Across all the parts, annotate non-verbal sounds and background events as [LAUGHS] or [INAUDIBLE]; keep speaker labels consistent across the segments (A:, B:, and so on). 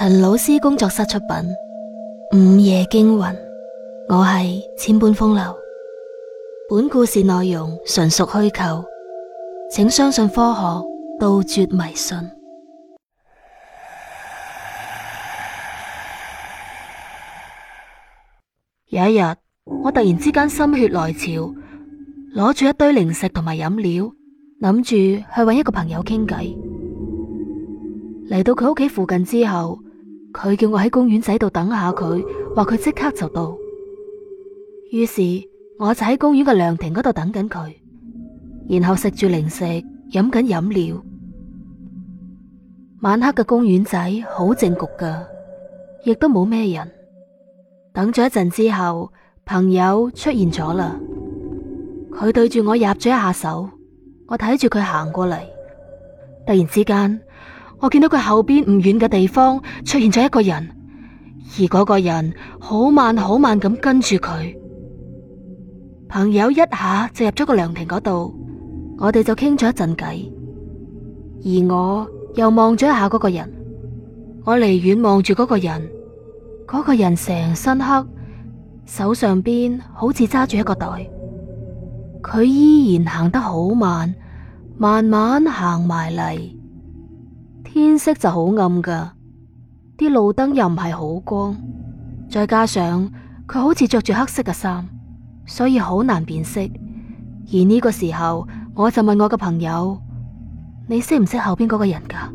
A: 陳老師工作室出品《午夜驚魂》，我係千般風流。本故事內容純屬虛構，請相信科學，杜絕迷信。有一日，我突然之間心血來潮，攞住一堆零食同埋飲料，諗住去搵一個朋友傾偈。嚟到佢屋企附近之後。佢叫我喺公園仔度等下佢，話佢即刻就到。於是我就喺公園嘅涼亭嗰度等緊佢，然後食住零食，飲緊飲料。晚黑嘅公園仔好靜焗㗎，亦都冇咩人。等咗一陣之後，朋友出現咗啦。佢對住我握咗一下手，我睇住佢行過嚟，突然之間。我見到佢後邊唔遠嘅地方出現咗一個人，而嗰個人好慢好慢咁跟住佢。朋友一下就入咗個涼亭嗰度，我哋就傾咗一陣偈，而我又望咗一下嗰個人。我離遠望住嗰個人，嗰個人成身黑，手上邊好似揸住一個袋，佢依然行得好慢，慢慢行埋嚟。天色就好暗噶，啲路燈又唔係好光，再加上佢好似着住黑色嘅衫，所以好難辨識。而呢個時候，我就問我個朋友：你識唔識後邊嗰個人噶？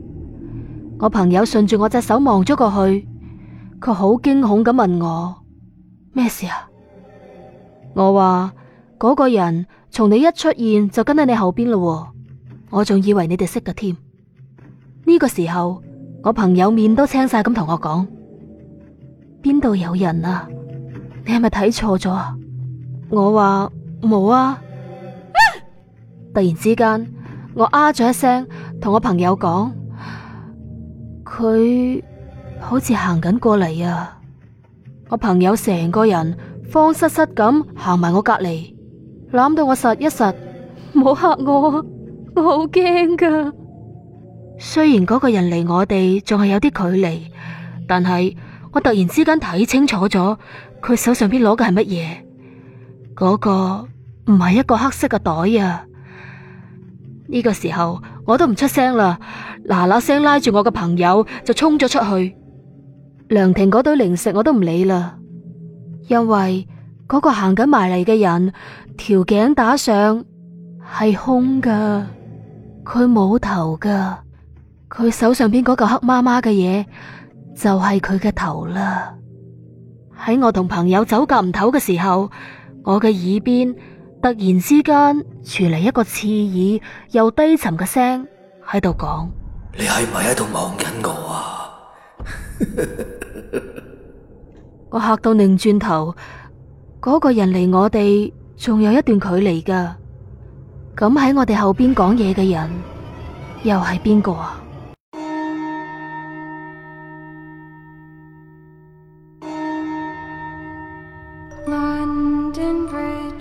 A: 我朋友順住我隻手望咗過去，佢好驚恐咁問我：咩事啊？我話嗰個人從你一出現就跟喺你後邊咯，我仲以為你哋識嘅添。呢個時候，我朋友面都青晒咁同我講：邊度有人啊？你係咪睇錯咗？我話冇啊！啊突然之間，我啊咗一聲，同我朋友講：佢好似行緊過嚟啊！我朋友成個人慌失失咁行埋我隔籬，攬到我實一實，冇吓我，我好驚噶。雖然嗰個人離我哋仲係有啲距離，但係我突然之間睇清楚咗，佢手上邊攞嘅係乜嘢？嗰個唔係一個黑色嘅袋啊！呢個時候我都唔出聲啦，嗱嗱聲拉住我嘅朋友就衝咗出去。涼亭嗰堆零食我都唔理啦，因為嗰個行緊埋嚟嘅人條頸打上係空噶，佢冇頭噶。佢手上邊嗰嚿黑麻麻嘅嘢就係佢嘅頭啦。喺我同朋友走夾唔唞嘅時候，我嘅耳邊突然之間傳嚟一個刺耳又低沉嘅聲喺度講：你係咪喺度望緊我啊？ [LAUGHS] [LAUGHS] 我吓到擰轉頭，嗰、嗰個人離我哋仲有一段距離噶。咁喺我哋後邊講嘢嘅人又係邊個啊？